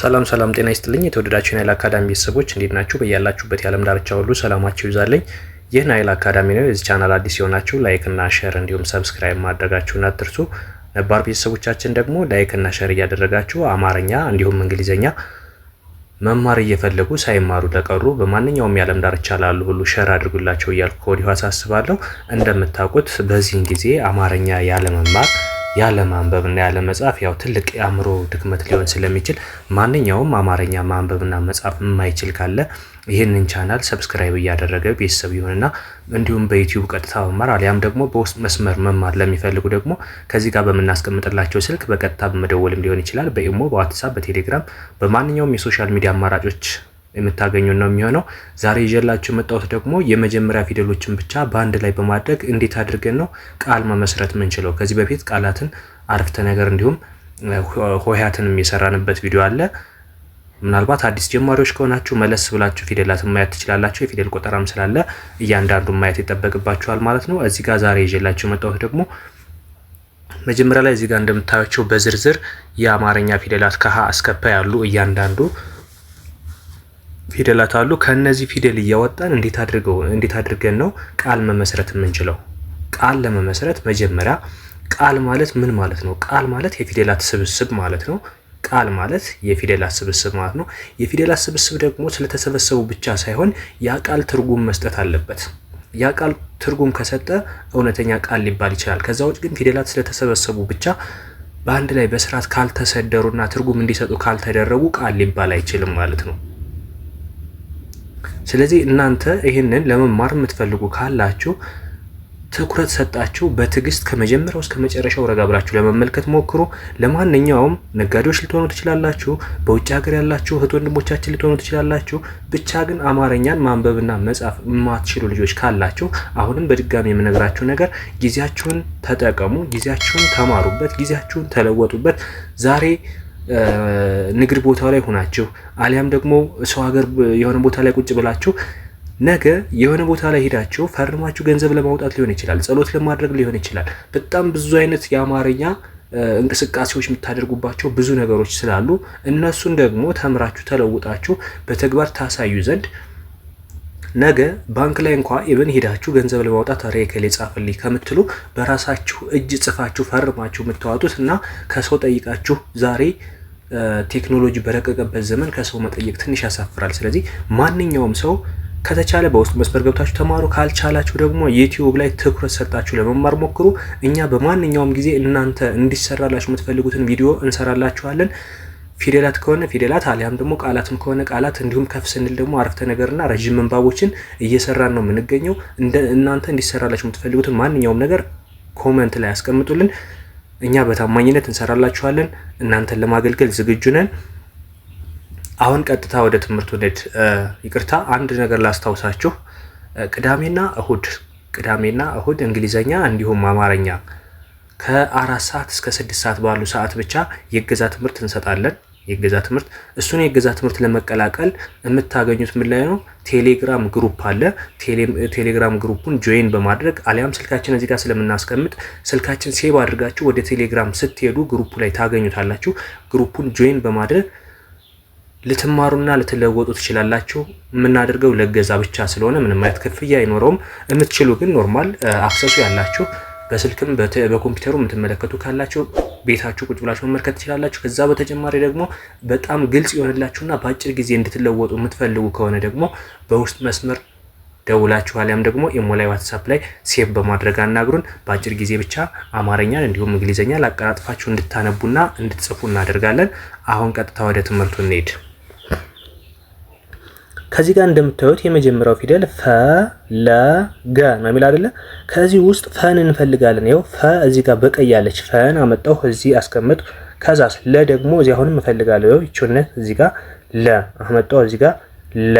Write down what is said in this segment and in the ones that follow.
ሰላም ሰላም፣ ጤና ይስጥልኝ የተወደዳችሁ የናይል አካዳሚ ቤተሰቦች እንዴት ናችሁ? በያላችሁበት የዓለም ዳርቻ ሁሉ ሰላማችሁ ይዛለኝ። ይህ ናይል አካዳሚ ነው። የዚህ ቻናል አዲስ የሆናችሁ ላይክ እና ሸር እንዲሁም ሰብስክራይብ ማድረጋችሁን አትርሱ። ነባር ቤተሰቦቻችን ደግሞ ላይክ እና ሸር እያደረጋችሁ አማርኛ እንዲሁም እንግሊዝኛ መማር እየፈለጉ ሳይማሩ ለቀሩ በማንኛውም የዓለም ዳርቻ ላሉ ሁሉ ሸር አድርጉላቸው እያልኩ ከወዲሁ አሳስባለሁ። እንደምታውቁት በዚህን ጊዜ አማርኛ ያለመማር ያለ ማንበብና ያለ መጻፍ ያው ትልቅ የአእምሮ ድክመት ሊሆን ስለሚችል ማንኛውም አማርኛ ማንበብና መጻፍ የማይችል ካለ ይህንን ቻናል ሰብስክራይብ እያደረገ ቤተሰብ ይሁንና እንዲሁም በዩቲዩብ ቀጥታ መማር አሊያም ደግሞ በውስጥ መስመር መማር ለሚፈልጉ ደግሞ ከዚህ ጋር በምናስቀምጥላቸው ስልክ በቀጥታ በመደወልም ሊሆን ይችላል። በኢሞ፣ በዋትሳፕ፣ በቴሌግራም በማንኛውም የሶሻል ሚዲያ አማራጮች የምታገኙ ነው የሚሆነው። ዛሬ ይዤላችሁ የመጣሁት ደግሞ የመጀመሪያ ፊደሎችን ብቻ በአንድ ላይ በማድረግ እንዴት አድርገን ነው ቃል መመስረት ምንችለው። ከዚህ በፊት ቃላትን፣ አረፍተ ነገር እንዲሁም ሆያትን የሰራንበት ቪዲዮ አለ። ምናልባት አዲስ ጀማሪዎች ከሆናችሁ መለስ ብላችሁ ፊደላትን ማየት ትችላላችሁ። የፊደል ቆጠራም ስላለ እያንዳንዱን ማየት ይጠበቅባችኋል ማለት ነው። እዚህ ጋር ዛሬ ይዤላችሁ የመጣሁት ደግሞ መጀመሪያ ላይ እዚህ ጋር እንደምታያቸው በዝርዝር የአማርኛ ፊደላት ከሀ እስከ ፐ ያሉ እያንዳንዱ ፊደላት አሉ። ከነዚህ ፊደል እያወጣን እንዴት አድርገው እንዴት አድርገን ነው ቃል መመስረት የምንችለው? ቃል ለመመስረት መጀመሪያ ቃል ማለት ምን ማለት ነው? ቃል ማለት የፊደላት ስብስብ ማለት ነው። ቃል ማለት የፊደላት ስብስብ ማለት ነው። የፊደላት ስብስብ ደግሞ ስለተሰበሰቡ ብቻ ሳይሆን ያ ቃል ትርጉም መስጠት አለበት። ያ ቃል ትርጉም ከሰጠ እውነተኛ ቃል ሊባል ይችላል። ከዛ ውጭ ግን ፊደላት ስለተሰበሰቡ ብቻ በአንድ ላይ በስርዓት ካልተሰደሩና ትርጉም እንዲሰጡ ካልተደረጉ ቃል ሊባል አይችልም ማለት ነው። ስለዚህ እናንተ ይህንን ለመማር የምትፈልጉ ካላችሁ ትኩረት ሰጣችሁ በትዕግስት ከመጀመሪያው እስከ መጨረሻው ረጋ ብላችሁ ለመመልከት ሞክሩ። ለማንኛውም ነጋዴዎች ልትሆኑ ትችላላችሁ፣ በውጭ ሀገር ያላችሁ እህት ወንድሞቻችን ልትሆኑ ትችላላችሁ። ብቻ ግን አማርኛን ማንበብና መጻፍ የማትችሉ ልጆች ካላችሁ አሁንም በድጋሚ የምነግራችሁ ነገር ጊዜያችሁን ተጠቀሙ፣ ጊዜያችሁን ተማሩበት፣ ጊዜያችሁን ተለወጡበት። ዛሬ ንግድ ቦታ ላይ ሆናችሁ አሊያም ደግሞ ሰው ሀገር የሆነ ቦታ ላይ ቁጭ ብላችሁ ነገ የሆነ ቦታ ላይ ሄዳችሁ ፈርማችሁ ገንዘብ ለማውጣት ሊሆን ይችላል፣ ጸሎት ለማድረግ ሊሆን ይችላል። በጣም ብዙ አይነት የአማርኛ እንቅስቃሴዎች የምታደርጉባቸው ብዙ ነገሮች ስላሉ እነሱን ደግሞ ተምራችሁ ተለውጣችሁ በተግባር ታሳዩ ዘንድ ነገ ባንክ ላይ እንኳ ኢብን ሄዳችሁ ገንዘብ ለማውጣት ሬ ከሌ ጻፍልኝ ከምትሉ በራሳችሁ እጅ ጽፋችሁ ፈርማችሁ የምታዋጡት እና ከሰው ጠይቃችሁ ዛሬ ቴክኖሎጂ በረቀቀበት ዘመን ከሰው መጠየቅ ትንሽ ያሳፍራል። ስለዚህ ማንኛውም ሰው ከተቻለ በውስጥ መስመር ገብታችሁ ተማሩ። ካልቻላችሁ ደግሞ ዩቲዩብ ላይ ትኩረት ሰጣችሁ ለመማር ሞክሩ። እኛ በማንኛውም ጊዜ እናንተ እንዲሰራላችሁ የምትፈልጉትን ቪዲዮ እንሰራላችኋለን። ፊደላት ከሆነ ፊደላት አሊያም ደግሞ ቃላትም ከሆነ ቃላት እንዲሁም ከፍ ስንል ደግሞ አረፍተ ነገርና ረዥም ምንባቦችን እየሰራን ነው የምንገኘው። እናንተ እንዲሰራላችሁ የምትፈልጉትን ማንኛውም ነገር ኮመንት ላይ ያስቀምጡልን። እኛ በታማኝነት እንሰራላችኋለን። እናንተን ለማገልገል ዝግጁ ነን። አሁን ቀጥታ ወደ ትምህርት ውደድ። ይቅርታ፣ አንድ ነገር ላስታውሳችሁ። ቅዳሜና እሁድ ቅዳሜና እሁድ እንግሊዘኛ እንዲሁም አማርኛ ከአራት ሰዓት እስከ ስድስት ሰዓት ባሉ ሰዓት ብቻ የእገዛ ትምህርት እንሰጣለን። የእገዛ ትምህርት እሱን የእገዛ ትምህርት ለመቀላቀል የምታገኙት ምን ላይ ነው? ቴሌግራም ግሩፕ አለ። ቴሌግራም ግሩፑን ጆይን በማድረግ አሊያም ስልካችን እዚህ ጋር ስለምናስቀምጥ ስልካችን ሴቭ አድርጋችሁ ወደ ቴሌግራም ስትሄዱ ግሩፑ ላይ ታገኙታላችሁ። ግሩፑን ጆይን በማድረግ ልትማሩና ልትለወጡ ትችላላችሁ። የምናደርገው ለገዛ ብቻ ስለሆነ ምንም አይነት ክፍያ አይኖረውም። የምትችሉ ግን ኖርማል አክሰሱ ያላችሁ በስልክም በኮምፒውተሩ የምትመለከቱ ካላችሁ ቤታችሁ ቁጭ ብላችሁ መመልከት ትችላላችሁ። ከዛ በተጨማሪ ደግሞ በጣም ግልጽ የሆንላችሁና በአጭር ጊዜ እንድትለወጡ የምትፈልጉ ከሆነ ደግሞ በውስጥ መስመር ደውላችሁ አሊያም ደግሞ ኢሞ ላይ ዋትሳፕ ላይ ሴቭ በማድረግ አናግሩን። በአጭር ጊዜ ብቻ አማርኛን እንዲሁም እንግሊዝኛ ላቀላጥፋችሁ እንድታነቡና እንድትጽፉ እናደርጋለን። አሁን ቀጥታ ወደ ትምህርቱ እንሄድ። ከዚህ ጋር እንደምታዩት የመጀመሪያው ፊደል ፈ ለ ገ ነው የሚል አይደለ? ከዚህ ውስጥ ፈን እንፈልጋለን። ይኸው ፈ እዚህ ጋር በቀይ ያለች ፈን አመጣሁ፣ እዚህ አስቀምጥ። ከዛስ ለ ደግሞ እዚህ አሁንም እንፈልጋለሁ። ይኸው ይችነት እዚህ ጋር ለ አመጣሁ፣ እዚህ ጋር ለ።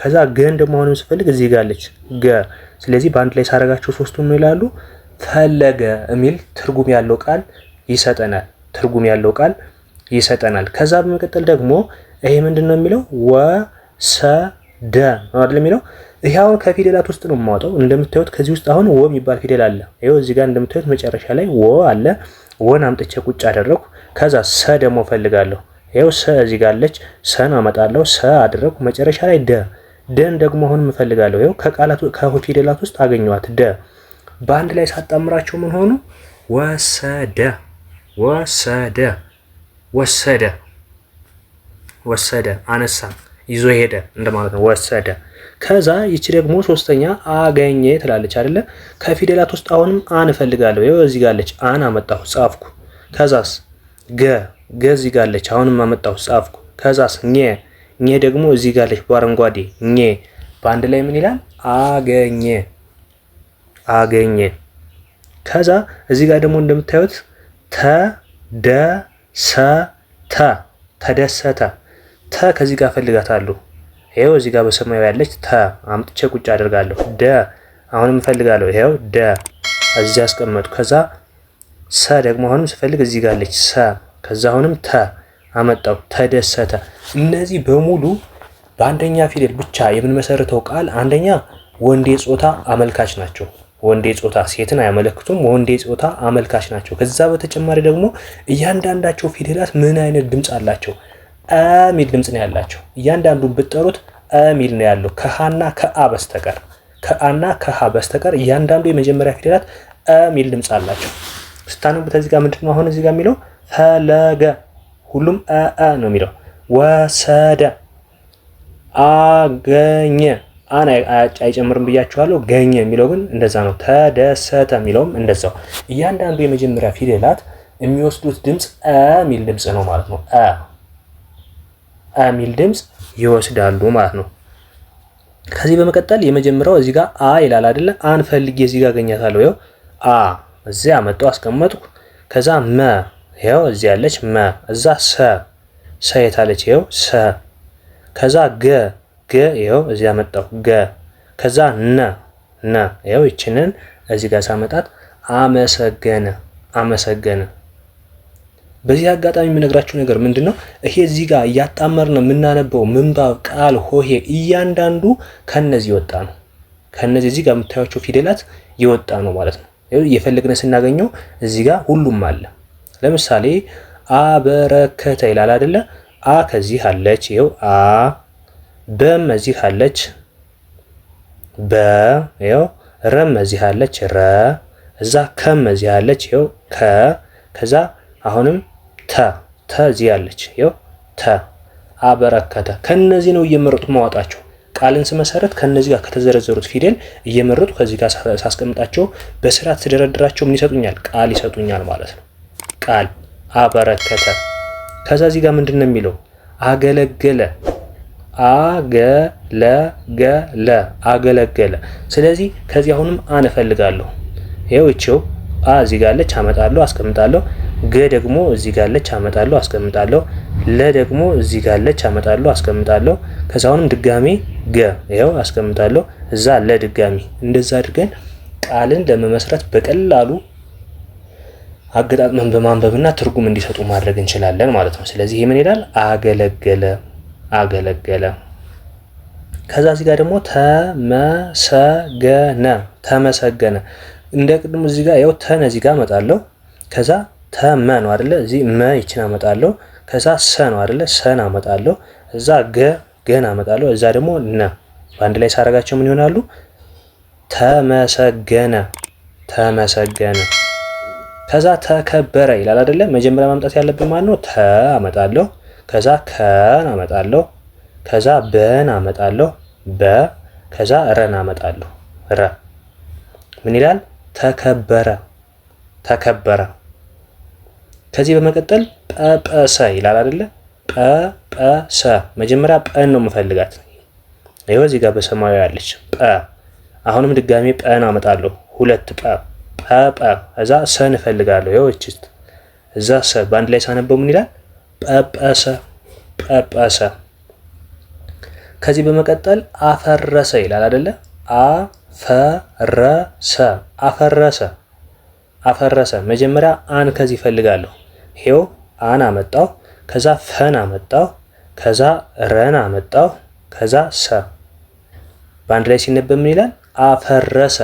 ከዛ ገን ደግሞ አሁንም ስፈልግ እዚህ ጋር አለች ገ። ስለዚህ በአንድ ላይ ሳረጋቸው ሶስቱ ነው ይላሉ? ፈለገ የሚል ትርጉም ያለው ቃል ይሰጠናል። ትርጉም ያለው ቃል ይሰጠናል። ከዛ በመቀጠል ደግሞ ይሄ ምንድን ነው የሚለው ወ ሰ ደ ነው አይደል የሚለው። ይሄ አሁን ከፊደላት ውስጥ ነው የማወጣው። እንደምታዩት ከዚህ ውስጥ አሁን ወ የሚባል ፊደል አለ። ይኸው እዚህ ጋር እንደምታዩት መጨረሻ ላይ ወ አለ። ወን አምጥቼ ቁጭ አደረኩ። ከዛ ሰ ደግሞ ፈልጋለሁ። ይኸው ሰ እዚህ ጋር አለች። ሰን አመጣለሁ። ሰ አደረኩ። መጨረሻ ላይ ደ ደን ደግሞ አሁን እፈልጋለሁ። ይኸው ከቃላት ከፊደላት ውስጥ አገኘዋት ደ። በአንድ ላይ ሳጣምራቸው ምን ሆኑ? ወሰደ ወሰደ ወሰደ ወሰደ አነሳ ይዞ ሄደ እንደማለት ነው። ወሰደ። ከዛ ይቺ ደግሞ ሶስተኛ አገኘ ትላለች አይደለ? ከፊደላት ውስጥ አሁንም አን እፈልጋለሁ። ይኸው እዚህ ጋለች፣ አን አመጣሁ ጻፍኩ። ከዛስ ገ ገ እዚህ ጋለች፣ አሁንም አመጣሁ ጻፍኩ። ከዛስ ኘ ኘ ደግሞ እዚህ ጋለች በአረንጓዴ ኘ። በአንድ ላይ ምን ይላል? አገኘ አገኘ። ከዛ እዚህ ጋር ደግሞ እንደምታዩት ተደሰተ ተደሰተ ተ ከዚህ ጋር ፈልጋታለሁ። ይሄው እዚህ ጋር በሰማያዊ ያለች ተ አምጥቼ ቁጭ አደርጋለሁ። ደ አሁንም ፈልጋለሁ። ይሄው ደ እዚህ አስቀመጡ። ከዛ ሰ ደግሞ አሁንም ስፈልግ እዚህ ጋር አለች ሰ። ከዛ አሁንም ተ አመጣው ተደሰተ። እነዚህ በሙሉ በአንደኛ ፊደል ብቻ የምንመሰርተው ቃል አንደኛ ወንዴ ጾታ አመልካች ናቸው። ወንዴ ጾታ ሴትን አያመለክቱም። ወንዴ ጾታ አመልካች ናቸው። ከዛ በተጨማሪ ደግሞ እያንዳንዳቸው ፊደላት ምን አይነት ድምፅ አላቸው? ሚል ድምፅ ነው ያላቸው። እያንዳንዱን ብትጠሩት ሚል ነው ያለው ከሀና ከአ በስተቀር ከአና ከሀ በስተቀር እያንዳንዱ የመጀመሪያ ፊደላት ሚል ድምፅ አላቸው። ስታነቡት እዚህ ጋር ምንድነው አሁን እዚህ ጋር የሚለው ፈለገ ሁሉም አ ነው የሚለው ወሰደ አገኘ አን አይጨምርም ብያችኋለሁ። ገኘ የሚለው ግን እንደዛ ነው። ተደሰተ የሚለውም እንደዛው። እያንዳንዱ የመጀመሪያ ፊደላት የሚወስዱት ድምፅ ሚል ድምፅ ነው ማለት ነው። የሚል ድምፅ ይወስዳሉ ማለት ነው። ከዚህ በመቀጠል የመጀመሪያው እዚህ ጋር አ ይላል አይደለ? አን ፈልጌ እዚህ ጋር አገኛታለሁ። ያው አ እዚህ አመጣው አስቀመጥኩ። ከዛ መ ያው እዚህ ያለች መ፣ እዛ ሰ ሰ የታለች? ያው ሰ። ከዛ ገ ገ ያው እዚህ አመጣው ገ። ከዛ ነ ነ ያው ይችንን እዚህ ጋር ሳመጣት አመሰገነ አመሰገነ በዚህ አጋጣሚ የምነግራችሁ ነገር ምንድን ነው? ይሄ እዚህ ጋር እያጣመርን የምናነበው ምንባብ፣ ቃል፣ ሆሄ እያንዳንዱ ከነዚህ ይወጣ ነው። ከነዚህ እዚህ ጋር የምታያቸው ፊደላት የወጣ ነው ማለት ነው። የፈለግነ ስናገኘው እዚህ ጋር ሁሉም አለ። ለምሳሌ አበረከተ ይላል አደለ? አ ከዚህ አለች፣ ይኸው አ። በም እዚህ አለች፣ በ። ይኸው ረም እዚህ አለች፣ ረ። እዛ ከም እዚህ አለች፣ ይኸው ከ። ከዛ አሁንም ተ ተ እዚህ ያለች ይኸው ተ አበረከተ። ከነዚህ ነው እየመረጡ ማወጣቸው። ቃልን ስመሰረት ከነዚህ ጋር ከተዘረዘሩት ፊደል እየመረጡ ከዚህ ጋር ሳስቀምጣቸው በስርዓት ስደረድራቸው ምን ይሰጡኛል? ቃል ይሰጡኛል ማለት ነው። ቃል አበረከተ። ከዛ እዚህ ጋር ምንድን ነው የሚለው? አገለገለ አገለገለ አገለገለ። ስለዚህ ከዚህ አሁንም አነፈልጋለሁ እፈልጋለሁ። ይኸው አ እዚህ ጋር አለች። አመጣለሁ፣ አስቀምጣለሁ ገ ደግሞ እዚህ ጋር አለች አመጣለሁ አስቀምጣለሁ። ለ ደግሞ እዚህ ጋር አለች አመጣለሁ አስቀምጣለሁ። ከዛ አሁንም ድጋሜ ገ ይኸው አስቀምጣለሁ እዛ ለ ድጋሚ። እንደዛ አድርገን ቃልን ለመመስረት በቀላሉ አገጣጥመን በማንበብና ትርጉም እንዲሰጡ ማድረግ እንችላለን ማለት ነው። ስለዚህ ይህ ምን ይላል? አገለገለ አገለገለ። ከዛ እዚህ ጋር ደግሞ ተመሰገነ ተመሰገነ። እንደ ቅድሙ እዚህ ጋር ያው ተነ እዚህ ጋር እመጣለሁ ከዛ ተመ ነው አደለ? እዚህ መ ይችን አመጣለሁ። ከዛ ሰ ነው አደለ? ሰን አመጣለሁ። እዛ ገ ገን አመጣለሁ። እዛ ደግሞ ነ በአንድ ላይ ሳረጋቸው ምን ይሆናሉ? ተመሰገነ ተመሰገነ። ከዛ ተከበረ ይላል አደለ? መጀመሪያ ማምጣት ያለብን ማለት ነው። ተ አመጣለሁ። ከዛ ከን አመጣለሁ። ከዛ በን አመጣለሁ። በ ከዛ ረን አመጣለሁ። ረ ምን ይላል? ተከበረ ተከበረ ከዚህ በመቀጠል ጰጰሰ ይላል አይደለ? ጰጰሰ መጀመሪያ ጰን ነው የምፈልጋት። ይኸው እዚህ ጋር በሰማያዊ ያለች ጰ። አሁንም ድጋሜ ጰን አመጣለሁ። ሁለት ጰ ጰጰ። እዛ ሰን እፈልጋለሁ። ይኸው እቺ እዛ ሰ በአንድ ላይ ሳነበው ምን ይላል? ጰጰሰ ጰጰሰ። ከዚህ በመቀጠል አፈረሰ ይላል አይደለ? አፈረሰ አፈረሰ አፈረሰ መጀመሪያ አን ከዚህ እፈልጋለሁ ሄው አን አመጣው፣ ከዛ ፈን አመጣው፣ ከዛ ረን አመጣው፣ ከዛ ሰ በአንድ ላይ ሲነበብ ምን ይላል? አፈረሰ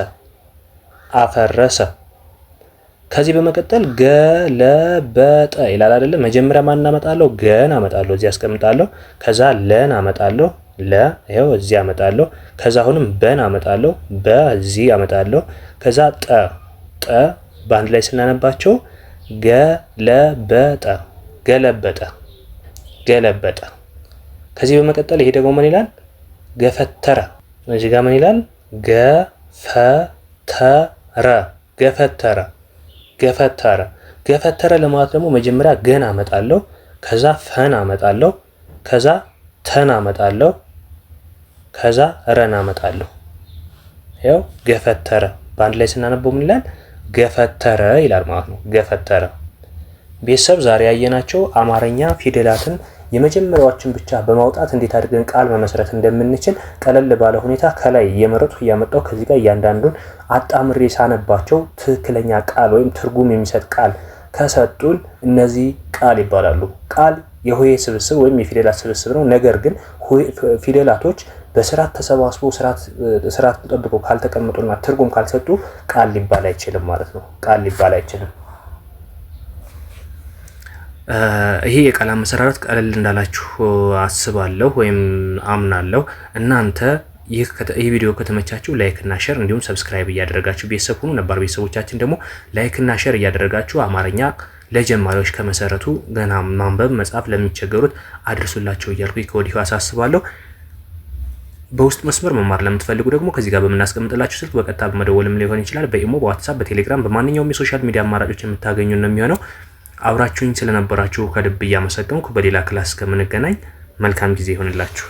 አፈረሰ። ከዚህ በመቀጠል ገለበጠ ይላል አይደለ? መጀመሪያ ማን አመጣለሁ? ገን አመጣለሁ፣ እዚህ አስቀምጣለሁ። ከዛ ለን አመጣለሁ፣ ለ ይኸው እዚህ አመጣለሁ። ከዛ አሁንም በን አመጣለሁ፣ በዚህ እዚህ አመጣለሁ። ከዛ ጠ ጠ በአንድ ላይ ስናነባቸው ገለበጠ ገለበጠ ገለበጠ። ከዚህ በመቀጠል ይሄ ደግሞ ምን ይላል? ገፈተረ። እዚህ ጋር ምን ይላል? ገፈተረ ገፈተረ ገፈተረ ገፈተረ ለማለት ደግሞ መጀመሪያ ገን አመጣለሁ፣ ከዛ ፈን አመጣለሁ፣ ከዛ ተን አመጣለሁ፣ ከዛ ረን አመጣለሁ። ያው ገፈተረ በአንድ ላይ ስናነበው ምን ይላል? ገፈተረ ይላል ማለት ነው። ገፈተረ ቤተሰብ ዛሬ ያየናቸው አማርኛ ፊደላትን የመጀመሪያዎችን ብቻ በማውጣት እንዴት አድርገን ቃል መመስረት እንደምንችል ቀለል ባለ ሁኔታ ከላይ እየመረጡ እያመጣው ከዚህ ጋር እያንዳንዱን አጣምሬ ሳነባቸው ትክክለኛ ቃል ወይም ትርጉም የሚሰጥ ቃል ከሰጡን እነዚህ ቃል ይባላሉ። ቃል የሆሄ ስብስብ ወይም የፊደላት ስብስብ ነው። ነገር ግን ፊደላቶች በስርዓት ተሰባስቦ ስርዓት ተጠብቆ ካልተቀመጡና ትርጉም ካልሰጡ ቃል ሊባል አይችልም ማለት ነው። ቃል ሊባል አይችልም። ይሄ የቃል መሰራረት ቀለል እንዳላችሁ አስባለሁ ወይም አምናለሁ። እናንተ ይህ ቪዲዮ ከተመቻችሁ ላይክ እና ሸር እንዲሁም ሰብስክራይብ እያደረጋችሁ ቤተሰብ ሁኑ። ነባር ቤተሰቦቻችን ደግሞ ላይክ እና ሸር እያደረጋችሁ አማርኛ ለጀማሪዎች ከመሰረቱ ገና ማንበብ መጻፍ ለሚቸገሩት አድርሱላቸው እያልኩ ከወዲሁ አሳስባለሁ። በውስጥ መስመር መማር ለምትፈልጉ ደግሞ ከዚህ ጋር በምናስቀምጥላችሁ ስልክ በቀጥታ በመደወልም ሊሆን ይችላል። በኢሞ፣ በዋትሳፕ፣ በቴሌግራም በማንኛውም የሶሻል ሚዲያ አማራጮች የምታገኙ ነው የሚሆነው። አብራችሁኝ ስለነበራችሁ ከልብ እያመሰገንኩ በሌላ ክላስ እስከምንገናኝ መልካም ጊዜ ይሆንላችሁ።